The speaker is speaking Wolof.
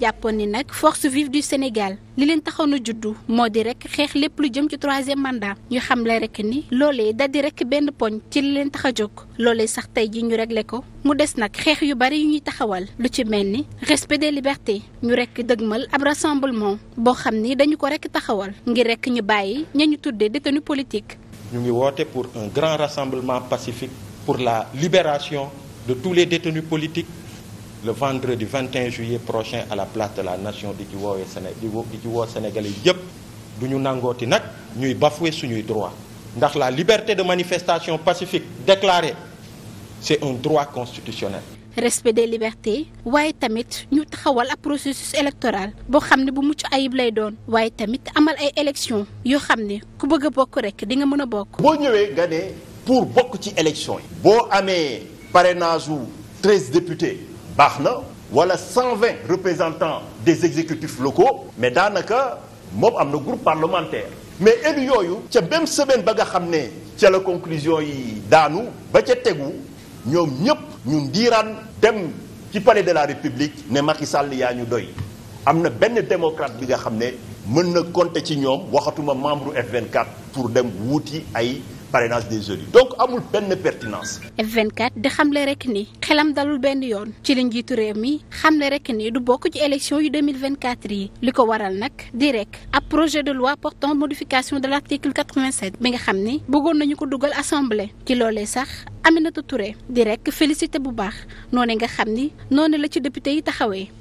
jàppoon ni nag force vive du Sénégal li leen taxaw nu juddu moo di rek xeex lépp lu jëm ci troisième mandat ñu xam le rek ni loolee da di rek benn poñ ci li leen tax a jóg loole sax tey ji ñu réglé ko mu des nag xeex yu bari yi ñuy taxawal lu ci mel ni respect des libertés ñu rek dëgmal ab rassemblement boo xam ni dañu ko rek taxawal ngir rek ñu bàyyi ña ñu tuddee détenu politique. ñu ngi woote pour un grand rassemblement pacifique pour la libération de tous les détenus politiques. le vendredi 21 juillet prochain à la place de la nation di ci woowee Séné di ci woo Sénégalais yëpp du ñu nangooti nag ñuy bafouer suñuy droit ndax la liberté de manifestation pacifique déclarée c'est un droit constitutionnel. respect des libertés waaye tamit ñu taxawal ab processus électoral boo xam ne bu mucc ayib lay doon waaye tamit amal ay élections yoo xam ni ku bëgg a bokk rek di nga mën a bokk. boo ñëwee nga ne pour bokk ci élection yi. boo amee parrainage wu treize députés. baax na wala 120 représentants des exécutifs locaux mais daanaka moom am na groupe parlementaire mais élu yooyu ca même semaine ba nga xam ne ca la conclusion yi daanu ba ca tegu ñoom ñépp ñu ndiiraan dem ci palais de la république ne Macky Sall yaa ñu doy am na benn démocrate bi nga xam ne mën na compter ci ñoom waxatuma membre F24 pour dem wuuti ay parrainage des élus donc amul benn pertinence. F24 di xamle rek ni xelam dalul benn yoon ci li njiitu réew mi xamle rek ni du bokk ci élection yu 2024 yi li ko waral nag di rek ab projet de loi portant modification de l' article 87 bi nga xam ni bëggoon nañu ko dugal assemblée ci loolee sax Aminata Touré di rek félicité bu baax noonu nga xam ni noonu la ci député yi taxawee.